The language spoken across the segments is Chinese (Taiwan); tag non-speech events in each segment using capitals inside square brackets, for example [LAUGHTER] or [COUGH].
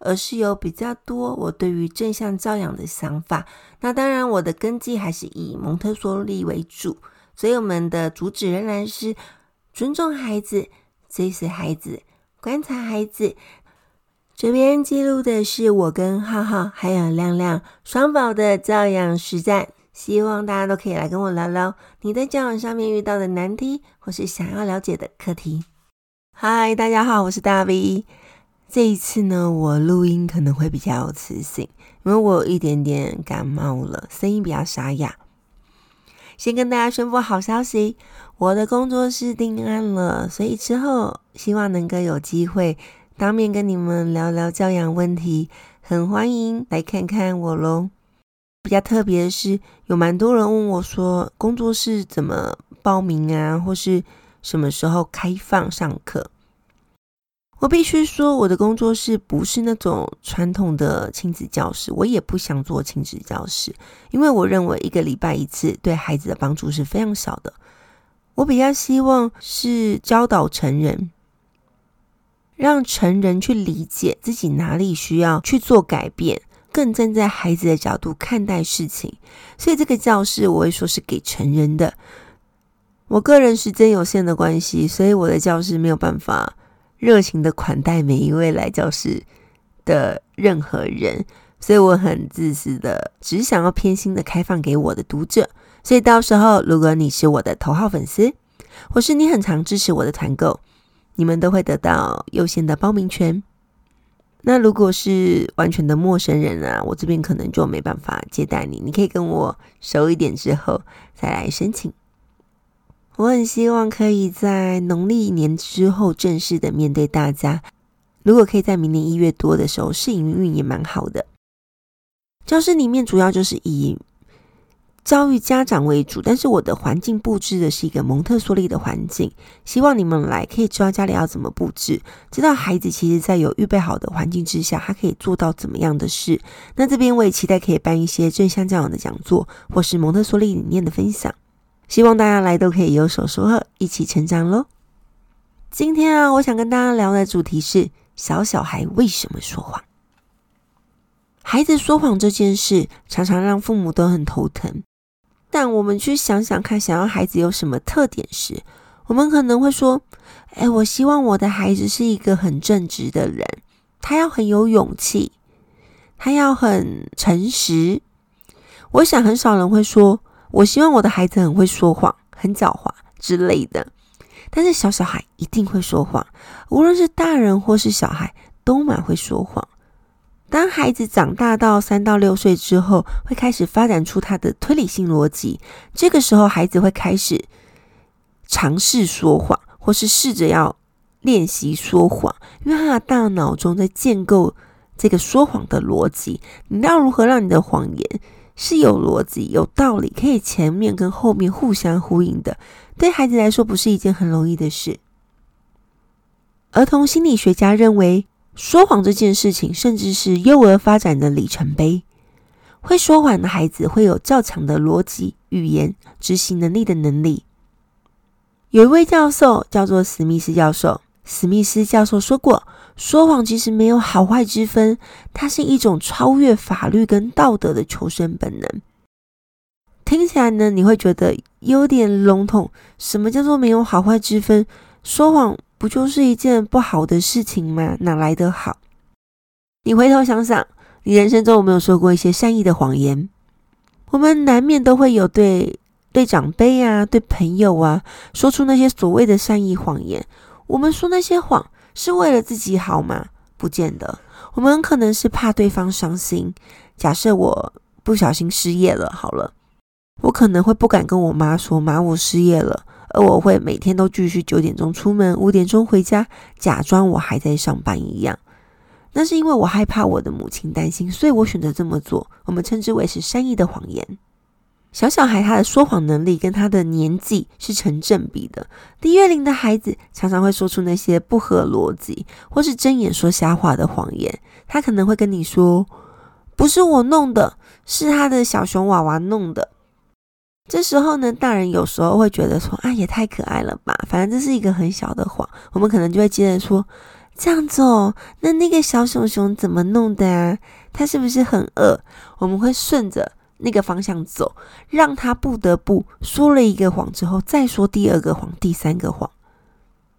而是有比較多我對於正向教養的想法。那當然，我的根基還是以蒙特梭利為主，所以我們的主旨仍然是尊重孩子、追隨孩子、觀察孩子。這邊記錄的是我跟浩浩還有亮亮雙寶的教養實戰，希望大家都可以來跟我聊聊你在教養上面遇到的難題，或是想要了解的課題。嗨，大家好，我是大 V。這一次呢，我錄音可能會比較有磁性，因為我有一點點感冒了，聲音比較沙啞。先跟大家宣布好消息，我的工作室定案了，所以之後希望能夠有機會當面跟你們聊聊教養問題，很歡迎來看看我咯。比較特別的是，有蠻多人問我說，工作室怎麼報名啊，或是什麼時候開放上課。我必須說，我的工作室不是那種傳統的親子教室，我也不想做親子教室，因為我認為一個禮拜一次對孩子的幫助是非常少的。我比較希望是教導成人，讓成人去理解自己哪裡需要去做改變，更站在孩子的角度看待事情。所以這個教室我會說是給成人的。我個人時間有限的關係，所以我的教室沒有辦法熱情的款待每一位來教室的任何人，所以我很自私的，只想要偏心的開放給我的讀者。所以到時候，如果你是我的頭號粉絲，或是你很常支持我的團購，你們都會得到優先的報名權。那如果是完全的陌生人啊，我這邊可能就沒辦法接待你，你可以跟我熟一點之後再來申請。我很希望可以在農曆年之後正式的面對大家。如果可以在明年一月多的時候，試營運也蠻好的。教室裡面主要就是以教育家長為主，但是我的環境布置的是一個蒙特梭利的環境。希望你們來可以知道家裡要怎麼布置，知道孩子其實在有預備好的環境之下，他可以做到怎麼樣的事。那這邊我也期待可以辦一些正向教養的講座，或是蒙特梭利理念的分享。希望大家來都可以有所收穫，一起成長嘍。今天啊，我想跟大家聊的主題是：小小孩為什麼說謊？孩子說謊這件事常常讓父母都很頭疼。但我們去想想看，想要孩子有什麼特點時，我們可能會說：“哎、欸，我希望我的孩子是一個很正直的人，他要很有勇氣，他要很誠實。”我想，很少人會說。我希望我的孩子很會說謊，很狡猾之類的。但是小小孩一定會說謊，無論是大人或是小孩都蠻會說謊。當孩子長大到三到六歲之後，會開始發展出他的推理性邏輯。這個時候，孩子會開始嘗試說謊，或是試着要練習說謊，因為他的大腦中在建構這個說謊的邏輯。你要如何讓你的謊言？是有邏輯、有道理，可以前面跟後面互相呼應的。對孩子來說，不是一件很容易的事。兒童心理學家認為，說謊這件事情，甚至是幼兒發展的里程碑。會說謊的孩子會有較強的邏輯、語言、執行能力的能力。有一位教授叫做史密斯教授，史密斯教授說過，說謊其實沒有好壞之分，它是一種超越法律跟道德的求生本能。聽起來呢，你會覺得有點籠統。什麼叫做沒有好壞之分？說謊不就是一件不好的事情嗎？哪來的好？你回頭想想，你人生中有沒有說過一些善意的謊言？我們難免都會有對對長輩啊、對朋友啊，說出那些所謂的善意謊言。我們說那些謊。是為了自己好嗎？不見得，我們很可能是怕對方傷心。假設我不小心失業了，好了，我可能會不敢跟我媽說，媽，我失業了，而我會每天都繼續九點鐘出門，五點鐘回家，假裝我還在上班一樣。那是因為我害怕我的母親擔心，所以我選擇這麼做。我們稱之為是善意的謊言。小小孩他的說謊能力跟他的年紀是成正比的。低月齡的孩子常常會說出那些不合邏輯或是睜眼說瞎話的謊言。他可能會跟你說：“不是我弄的，是他的小熊娃娃弄的。”這時候呢，大人有時候會覺得說：“啊，也太可愛了吧！”反正這是一個很小的謊，我們可能就會接着說：“這樣子哦，那那個小熊熊怎麼弄的啊？他是不是很餓？”我們會順着。那個方向走，讓他不得不說了一個謊之後，再說第二個謊，第三個謊。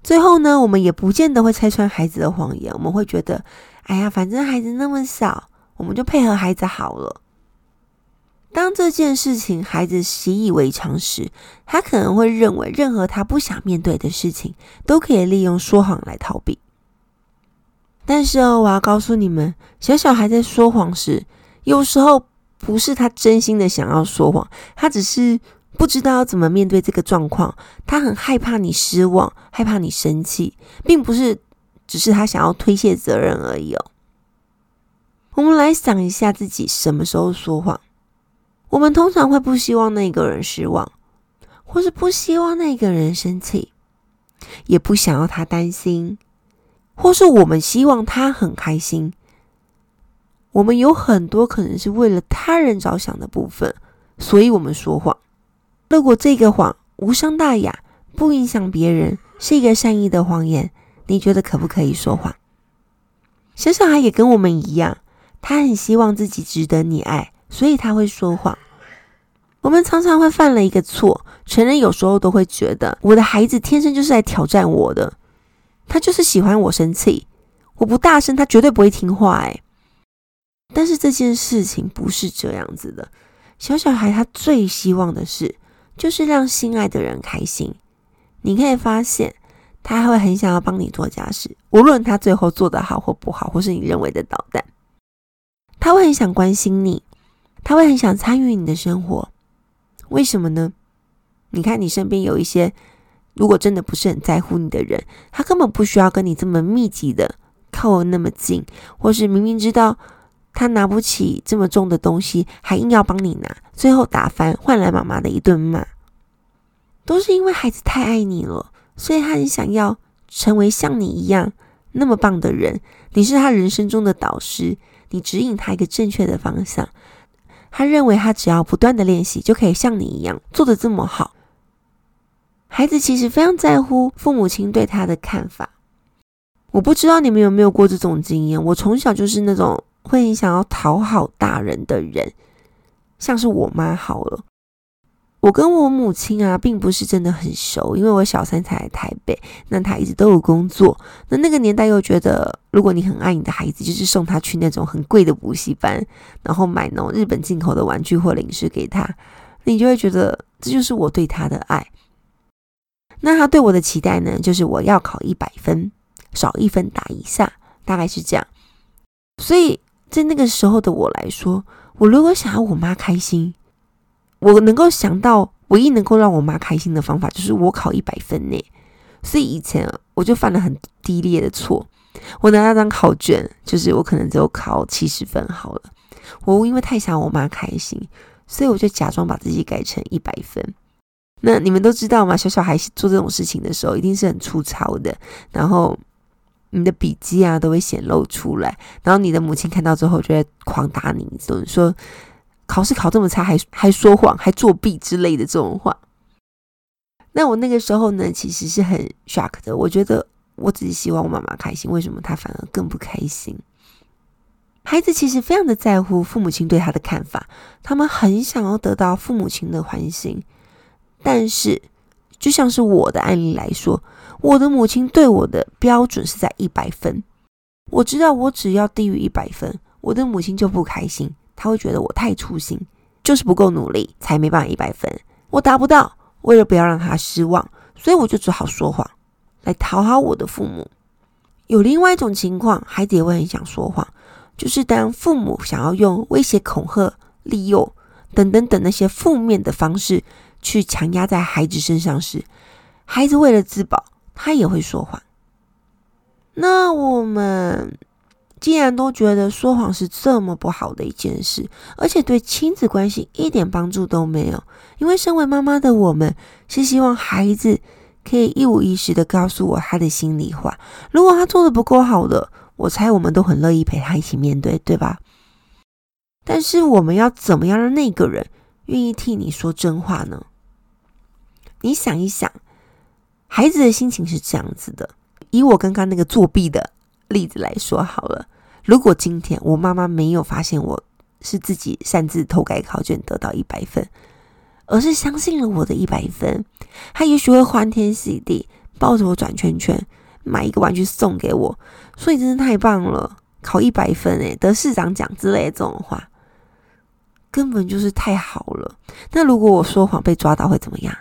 最後呢，我們也不見得會拆穿孩子的謊言，我們會覺得，哎呀，反正孩子那麼小，我們就配合孩子好了。當這件事情孩子習以為常時，他可能會認為，任何他不想面對的事情，都可以利用說謊來逃避。但是哦，我要告訴你們，小小孩在說謊時，有時候，不是他真心的想要說謊，他只是不知道要怎麼面對這個狀況，他很害怕你失望，害怕你生氣，並不是只是他想要推卸責任而已哦。我們來想一下自己什麼時候說謊，我們通常會不希望那個人失望，或是不希望那個人生氣，也不想要他擔心，或是我們希望他很開心。我們有很多可能是為了他人着想的部分，所以我們說謊。如果這個謊無傷大雅，不影響別人，是一個善意的謊言，你覺得可不可以說謊？小小孩也跟我們一樣，他很希望自己值得你愛，所以他會說謊。我們常常會犯了一個錯，成人有時候都會覺得我的孩子天生就是來挑戰我的，他就是喜歡我生氣，我不大聲，他絕對不會聽話誒。哎。但是這件事情不是這樣子的。小小孩他最希望的事，就是讓心愛的人開心。你可以發現，他會很想要幫你做家事，無論他最後做得好或不好，或是你認為的搗蛋。他會很想關心你，他會很想參與你的生活。為什麼呢？你看你身邊有一些，如果真的不是很在乎你的人，他根本不需要跟你這麼密集的靠那麼近，或是明明知道。他拿不起這麼重的東西，還硬要幫你拿，最後打翻，換來媽媽的一頓罵。都是因為孩子太愛你了，所以他很想要成為像你一樣那麼棒的人。你是他人生中的導師，你指引他一個正確的方向。他認為他只要不斷的練習，就可以像你一樣做得這麼好。孩子其實非常在乎父母親對他的看法。我不知道你們有沒有過這種經驗，我從小就是那種。會想要討好大人的人，像是我媽好了。我跟我母親啊，並不是真的很熟，因為我小三才來台北，那她一直都有工作。那那個年代又覺得，如果你很愛你的孩子，就是送他去那種很貴的補習班，然後買那種日本進口的玩具或零食給他，你就會覺得這就是我對他的愛。那他對我的期待呢，就是我要考一百分，少一分打一下，大概是這樣。所以。在那個時候的我來說，我如果想要我媽開心，我能夠想到唯一能夠讓我媽開心的方法，就是我考一百分呢。所以以前我就犯了很低劣的錯，我拿那張考卷，就是我可能只有考七十分好了。我因為太想我媽開心，所以我就假裝把自己改成一百分。那你們都知道嘛，小小孩做這種事情的時候，一定是很粗糙的。然後。你的筆記啊，都會顯露出來，然後你的母親看到之後，就會狂打你一頓，說考試考這麼差，還，還還說謊，還作弊之類的這種話。那我那個時候呢，其實是很 shock 的，我覺得我自己希望我媽媽開心，為什麼她反而更不開心？孩子其實非常的在乎父母親對他的看法，他們很想要得到父母親的歡心，但是。就像是我的案例來說，我的母親對我的標準是在一百分。我知道我只要低於一百分，我的母親就不開心，她會覺得我太粗心，就是不夠努力，才沒辦法一百分。我達不到，為了不要讓她失望，所以我就只好說謊，來討好我的父母。有另外一種情況，孩子也會很想說謊，就是當父母想要用威脅、恐嚇、利誘等等等那些負面的方式。去強壓在孩子身上時，孩子為了自保，他也會說謊。那我們既然都覺得說謊是這麼不好的一件事，而且對親子關係一點幫助都沒有，因為身為媽媽的我們是希望孩子可以一五一十的告訴我他的心裡話。如果他做的不夠好的，我猜我們都很樂意陪他一起面對，對吧？但是我們要怎麼樣讓那個人願意替你說真話呢？你想一想，孩子的心情是這樣子的。以我剛剛那個作弊的例子來說好了，如果今天我媽媽沒有發現我是自己擅自偷改考卷得到一百分，而是相信了我的一百分，她也許會歡天喜地抱着我轉圈圈，買一個玩具送給我，所以真是太棒了，考一百分誒、欸、得市長獎之類的這種話，根本就是太好了。那如果我說謊被抓到會怎麼樣？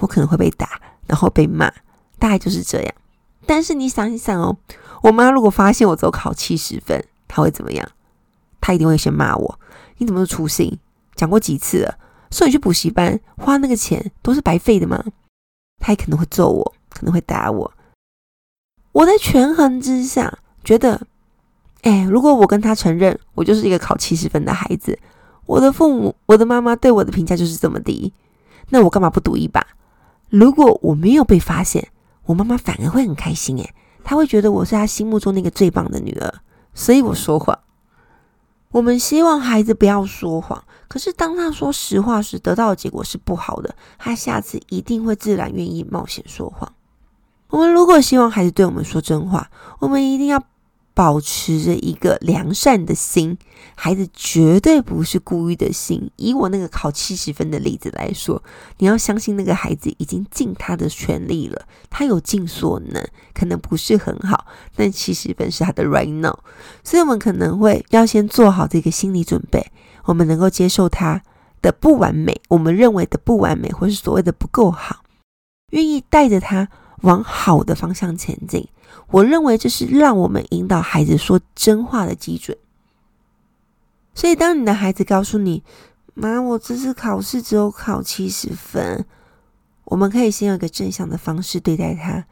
我可能會被打，然後被罵，大概就是這樣。但是你想一想哦，我媽如果發現我只有考七十分，她會怎麼樣？她一定會先罵我。你怎麼都粗心？講過幾次了？送你去補習班，花那個錢都是白費的嗎？她也可能會揍我，可能會打我。我在權衡之下，覺得，哎，如果我跟她承認，我就是一個考七十分的孩子，我的父母，我的媽媽對我的評價就是這麼低，那我幹嘛不賭一把？如果我沒有被發現，我媽媽反而會很開心誒，她會覺得我是她心目中那個最棒的女兒，所以我說謊。嗯。我們希望孩子不要說謊，可是當他說實話時，得到的結果是不好的，他下次一定會自然願意冒險說謊。我們如果希望孩子對我們說真話，我們一定要。保持着一個良善的心，孩子絕對不是故意的心。以我那個考七十分的例子來說，你要相信那個孩子已經盡他的全力了，他有盡所能，可能不是很好，但七十分是他的 right now。所以我們可能會要先做好這個心理準備，我們能夠接受他的不完美，我們認為的不完美，或是所謂的不夠好，願意帶着他往好的方向前進。我認為這是讓我們引導孩子說真話的基準。所以，當你的孩子告訴你：“媽，我這次考試只有考七十分。”，我們可以先有一個正向的方式對待他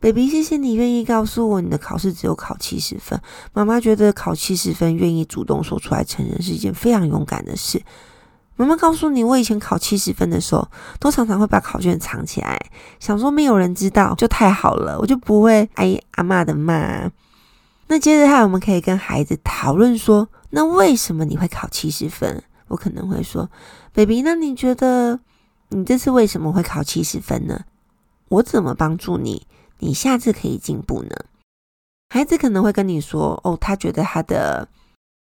，baby，謝謝你願意告訴我你的考試只有考七十分。媽媽覺得考七十分，願意主動說出來承認，是一件非常勇敢的事。媽媽告訴你，我以前考七十分的時候，都常常會把考卷藏起來，想說沒有人知道就太好了，我就不會挨阿嬤的罵啊。那接着下來，我們可以跟孩子討論說，那為什麼你會考七十分？我可能會說，baby，那你覺得你這次為什麼會考七十分呢？我怎麼幫助你，你下次可以進步呢？孩子可能會跟你說，哦，他覺得他的。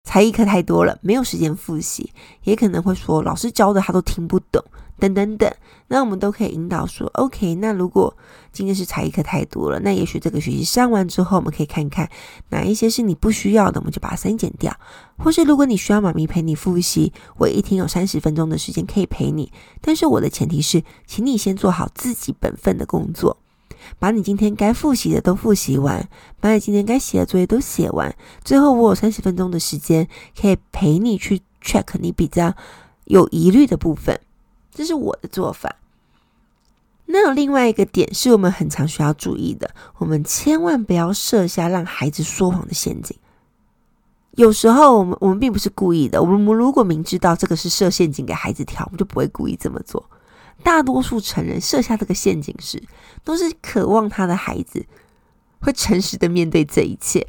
才藝課太多了，沒有時間複習，也可能會說老師教的他都聽不懂，等等等。那我們都可以引導說，OK，那如果今天是才藝課太多了，那也許這個學期上完之後，我們可以看看哪一些是你不需要的，我們就把它刪減掉。或是如果你需要媽咪陪你複習，我一天有三十分鐘的時間可以陪你，但是我的前提是，請你先做好自己本分的工作。把你今天該複習的都複習完，把你今天該寫的作業都寫完，最後我有三十分鐘的時間，可以陪你去 check 你比較有疑慮的部分。這是我的做法。那有另外一個點是我們很常需要注意的，我們千萬不要設下讓孩子說謊的陷阱。有時候我們我們並不是故意的，我們我們如果明知道這個是設陷阱給孩子跳，我們就不會故意這麼做。大多數成人設下這個陷阱時，都是渴望他的孩子會誠實的面對這一切。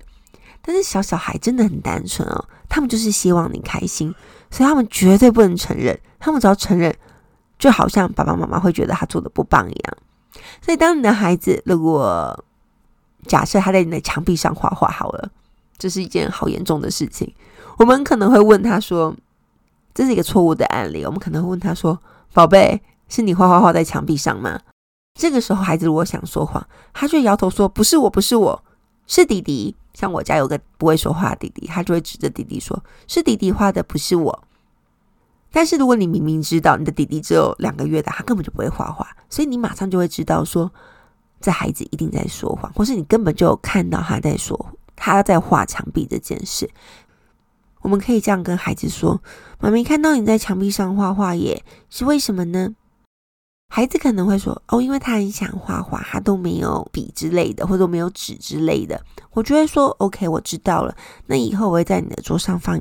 但是，小小孩真的很單純哦，他們就是希望你開心，所以他們絕對不能承認。他們只要承認，就好像爸爸媽媽會覺得他做的不棒一樣。所以，當你的孩子如果假設他在你的牆壁上畫畫好了，這是一件好嚴重的事情。我們可能會問他說：“這是一個錯誤的案例。”我們可能會問他說：“寶貝，”是你畫畫畫在牆壁上嗎？這個時候，孩子如果想說謊，他就會搖頭說：“不是我，不是我，是弟弟。”像我家有個不會說話的弟弟，他就會指着弟弟說：“是弟弟畫的，不是我。”但是如果你明明知道你的弟弟只有兩個月大，他根本就不會畫畫，所以你馬上就會知道說這孩子一定在說謊，或是你根本就看到他在說他在畫牆壁這件事。我們可以這樣跟孩子說：“媽咪看到你在牆壁上畫畫耶，是為什麼呢？”孩子可能會說：“哦，因為他很想畫畫，他都沒有筆之類的，或者沒有紙之類的。”我就會說：“OK，我知道了。那以後我會在你的桌上放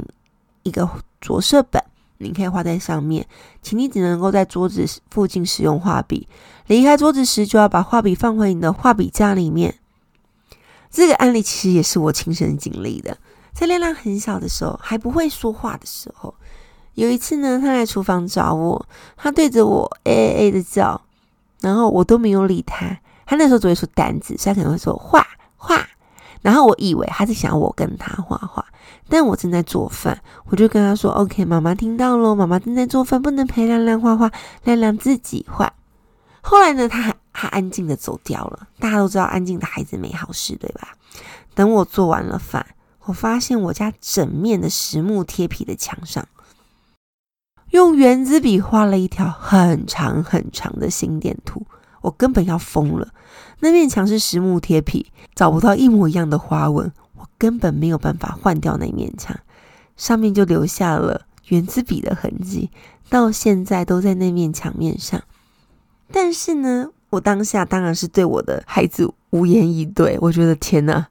一個着色本，你可以畫在上面。請你只能夠在桌子附近使用畫筆，離開桌子時就要把畫筆放回你的畫筆架裡面。”這個案例其實也是我親身經歷的，在亮亮很小的時候，還不會說話的時候。有一次呢，他來廚房找我，他對着我 “a a a” 的叫，然後我都沒有理他。他那時候只會說單字，所以他可能會說“畫畫”，然後我以為他是想要我跟他畫畫，但我正在做飯，我就跟他說：“OK，媽媽聽到咯，媽媽正在做飯，不能陪亮亮畫畫，亮亮自己畫。”後來呢，他他安靜的走掉了。大家都知道，安靜的孩子沒好事，對吧？等我做完了飯，我發現我家整面的實木貼皮的牆上。用原子筆畫了一條很長很長的心電圖，我根本要瘋了。那面牆是實木貼皮，找不到一模一樣的花紋，我根本沒有辦法換掉那面牆，上面就留下了原子筆的痕跡，到現在都在那面牆面上。但是呢，我當下當然是對我的孩子無言以對。我覺得天哪、啊，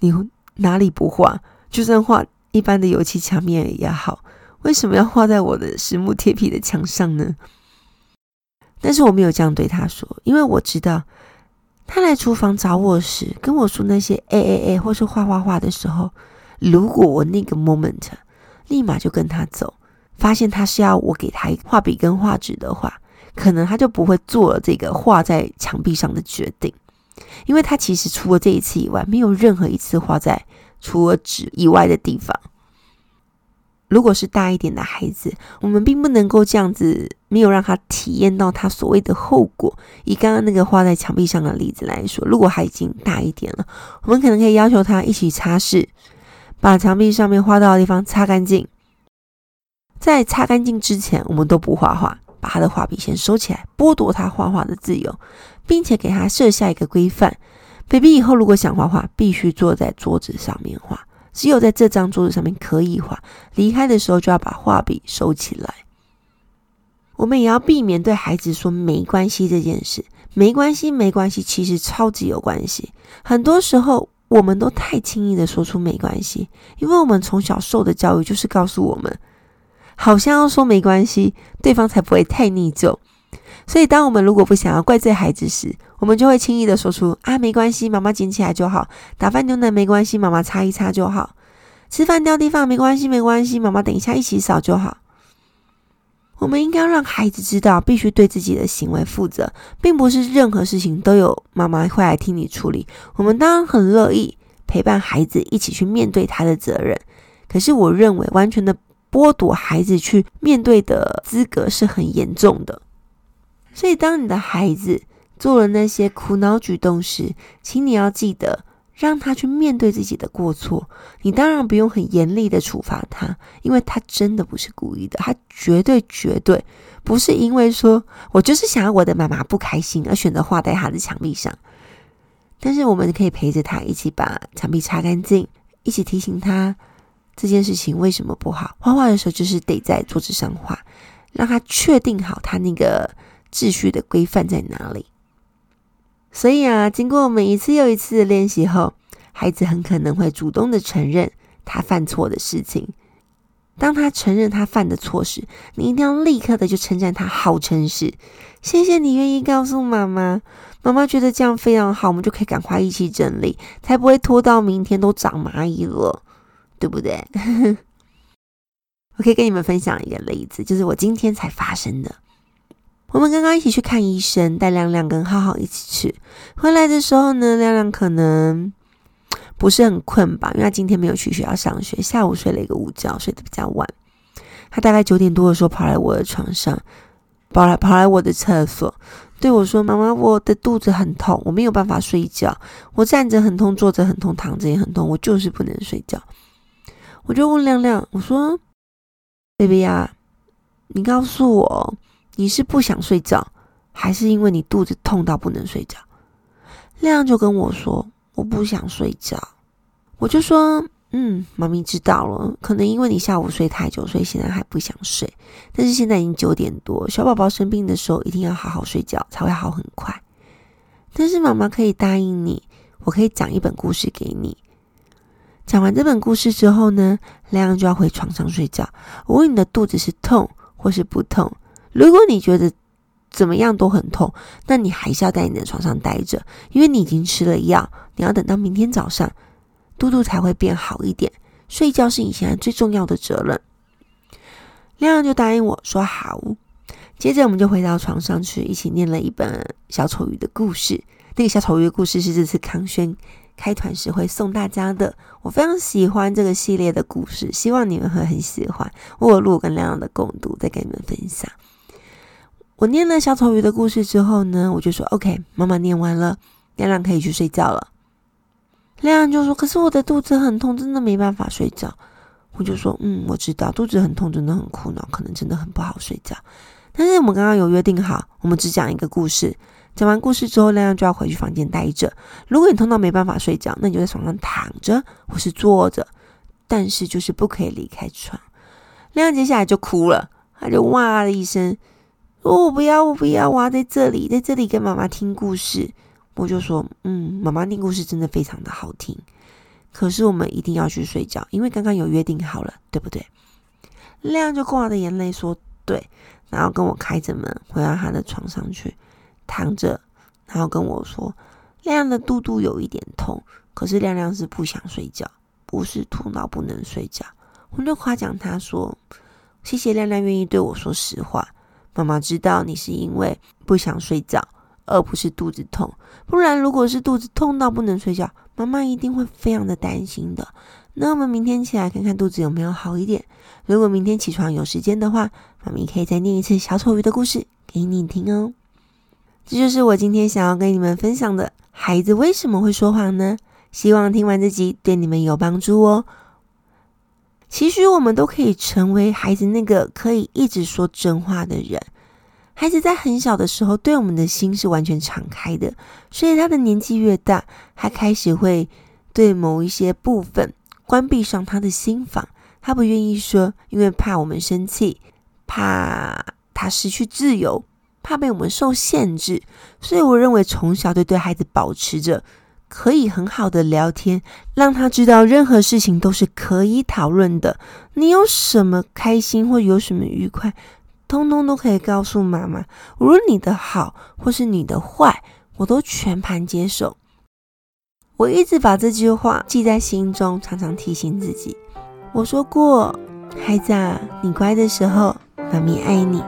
你哪裡不畫？就算畫一般的油漆牆面也好。為什麼要畫在我的實木貼皮的牆上呢？但是我沒有這樣對他說，因為我知道，他來廚房找我時跟我說那些“欸欸欸”或是“畫畫畫”的時候，如果我那個 moment 立馬就跟他走，發現他是要我給他畫筆跟畫紙的話，可能他就不會做了這個畫在牆壁上的決定，因為他其實除了這一次以外，沒有任何一次畫在除了紙以外的地方。如果是大一點的孩子，我們並不能夠這樣子，沒有讓他體驗到他所謂的後果。以剛剛那個畫在牆壁上的例子來說，如果他已經大一點了，我們可能可以要求他一起擦拭，把牆壁上面畫到的地方擦乾淨。在擦乾淨之前，我們都不畫畫，把他的畫筆先收起來，剝奪他畫畫的自由，並且給他設下一個規範：baby 以後如果想畫畫，必須坐在桌子上面畫。只有在這張桌子上面可以畫，離開的時候就要把畫筆收起來。我們也要避免對孩子說“沒關係”這件事，“沒關係”“沒關係”，其實超級有關係。很多時候，我們都太輕易的說出“沒關係”，因為我們從小受的教育，就是告訴我們，好像要說“沒關係”，對方才不會太內疚。所以，當我們如果不想要怪罪孩子時，我們就會輕易的說出：“啊，沒關係，媽媽撿起來就好；打翻牛奶沒關係，媽媽擦一擦就好；吃飯掉地方沒關係，沒關係，媽媽等一下一起掃就好。”我們應該要讓孩子知道，必須對自己的行為負責，並不是任何事情都有媽媽會來替你處理。我們當然很樂意陪伴孩子一起去面對他的責任，可是我認為，完全的剝奪孩子去面對的資格是很嚴重的。所以，當你的孩子做了那些苦惱舉動時，請你要記得讓他去面對自己的過錯。你當然不用很嚴厲的處罰他，因為他真的不是故意的，他絕對絕對不是因為說我就是想要我的媽媽不開心而選擇畫在他的牆壁上。但是，我們可以陪着他一起把牆壁擦乾淨，一起提醒他這件事情為什麼不好。畫畫的時候就是得在桌子上畫，讓他確定好他那個。秩序的規範在哪裡？所以啊，經過我們一次又一次的練習後，孩子很可能會主動的承認他犯錯的事情。當他承認他犯的錯時，你一定要立刻的就稱讚他，好誠實，謝謝你願意告訴媽媽。媽媽覺得這樣非常好，我們就可以趕快一起整理，才不會拖到明天都長螞蟻了，對不對？ [LAUGHS] 我可以跟你們分享一個例子，就是我今天才發生的。我們剛剛一起去看醫生，帶亮亮跟浩浩一起去。回來的時候呢，亮亮可能不是很困吧，因為他今天沒有去學校上學，下午睡了一個午覺，睡得比較晚。他大概九點多的時候跑來我的床上，跑來跑來我的廁所，對我說：“媽媽，我的肚子很痛，我沒有辦法睡覺。我站着很痛，坐着很痛，躺着也很痛，我就是不能睡覺。”我就問亮亮：“我說，baby 呀，你告訴我。”你是不想睡覺，還是因為你肚子痛到不能睡覺？亮亮就跟我說：“我不想睡覺。”我就說：“嗯，媽咪知道了。可能因為你下午睡太久，所以現在還不想睡。但是現在已經九點多，小寶寶生病的時候一定要好好睡覺，才會好很快。但是媽媽可以答應你，我可以講一本故事給你。講完這本故事之後呢，亮亮就要回床上睡覺。我問你的肚子是痛或是不痛。”如果你覺得怎麼樣都很痛，那你還是要在你的床上待着，因為你已經吃了藥，你要等到明天早上，肚肚才會變好一點。睡覺是你現在最重要的責任。亮亮就答應我說好，接着我們就回到床上去，一起念了一本小丑魚的故事。那個小丑魚的故事是這次康軒開團時會送大家的，我非常喜歡這個系列的故事，希望你們會很喜歡。我有錄跟亮亮的共讀，再跟你們分享。我念了小丑魚的故事之後呢，我就說 OK，媽媽念完了，亮亮可以去睡覺了。亮亮就說：“可是我的肚子很痛，真的沒辦法睡覺。”我就說：“嗯，我知道肚子很痛，真的很苦惱，可能真的很不好睡覺。但是我們剛剛有約定好，我們只講一個故事，講完故事之後，亮亮就要回去房間待着。如果你痛到沒辦法睡覺，那你就在床上躺着或是坐着，但是就是不可以離開床。”亮亮接下來就哭了，他就哇的一聲。說我不要，我不要，我要在這裡，在這裡跟媽媽聽故事。我就說，嗯，媽媽念故事真的非常的好聽。可是我們一定要去睡覺，因為剛剛有約定好了，對不對？亮亮就掛着眼淚說：“對。”然後跟我開着門回到他的床上去躺着，然後跟我說：“亮亮的肚肚有一點痛，可是亮亮是不想睡覺，不是痛到不能睡覺。”我就誇獎他說：“謝謝亮亮願意對我說實話。”媽媽知道你是因為不想睡覺，而不是肚子痛。不然，如果是肚子痛到不能睡覺，媽媽一定會非常的擔心的。那我們明天起來看看肚子有沒有好一點。如果明天起床有時間的話，媽咪可以再念一次小丑魚的故事給你聽哦。這就是我今天想要跟你們分享的。孩子為什麼會說謊呢？希望聽完這集對你們有幫助哦。其實我們都可以成為孩子那個可以一直說真話的人。孩子在很小的時候，對我們的心是完全敞開的。所以他的年紀越大，他開始會對某一些部分關閉上他的心房。他不願意說，因為怕我們生氣，怕他失去自由，怕被我們受限制。所以我認為，從小就對孩子保持着。可以很好的聊天，讓他知道任何事情都是可以討論的。你有什麼開心或有什麼愉快，通通都可以告訴媽媽。無論你的好或是你的壞，我都全盤接受。我一直把這句話記在心中，常常提醒自己。我說過，孩子啊，你乖的時候，媽咪愛你；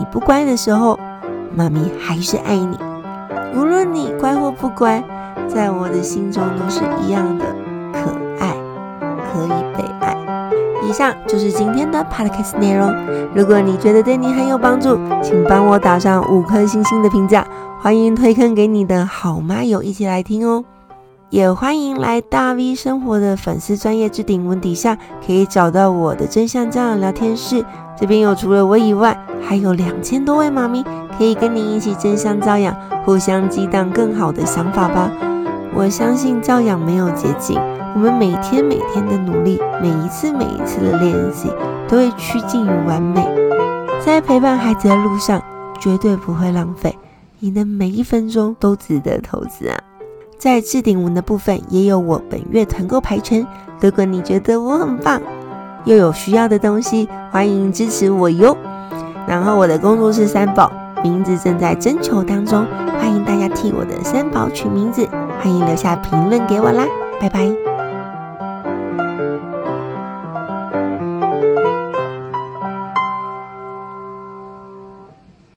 你不乖的時候，媽咪還是愛你。無論你乖或不乖，在我的心中都是一樣的可愛、可以被愛。以上就是今天的 podcast 內容。如果你覺得對你很有幫助，請幫我打上五顆星星的評價。歡迎推坑給你的好媽友一起來聽哦，也歡迎來大 V 生活的粉絲專頁置頂文底下，可以找到我的真相家長聊天室。這邊有除了我以外，還有兩千多位媽咪可以跟你一起正向教養，互相激盪更好的想法吧。我相信教養沒有捷徑，我們每天每天的努力，每一次每一次的練習，都會趨近於完美。在陪伴孩子的路上，絕對不會浪費，你的每一分鐘都值得投資啊。在置頂文的部分也有我本月團購排程，如果你覺得我很棒，又有需要的東西，歡迎支持我喲。然後我的工作室三寶，名字正在徵求當中，歡迎大家替我的三寶取名字，歡迎留下評論給我啦，拜拜。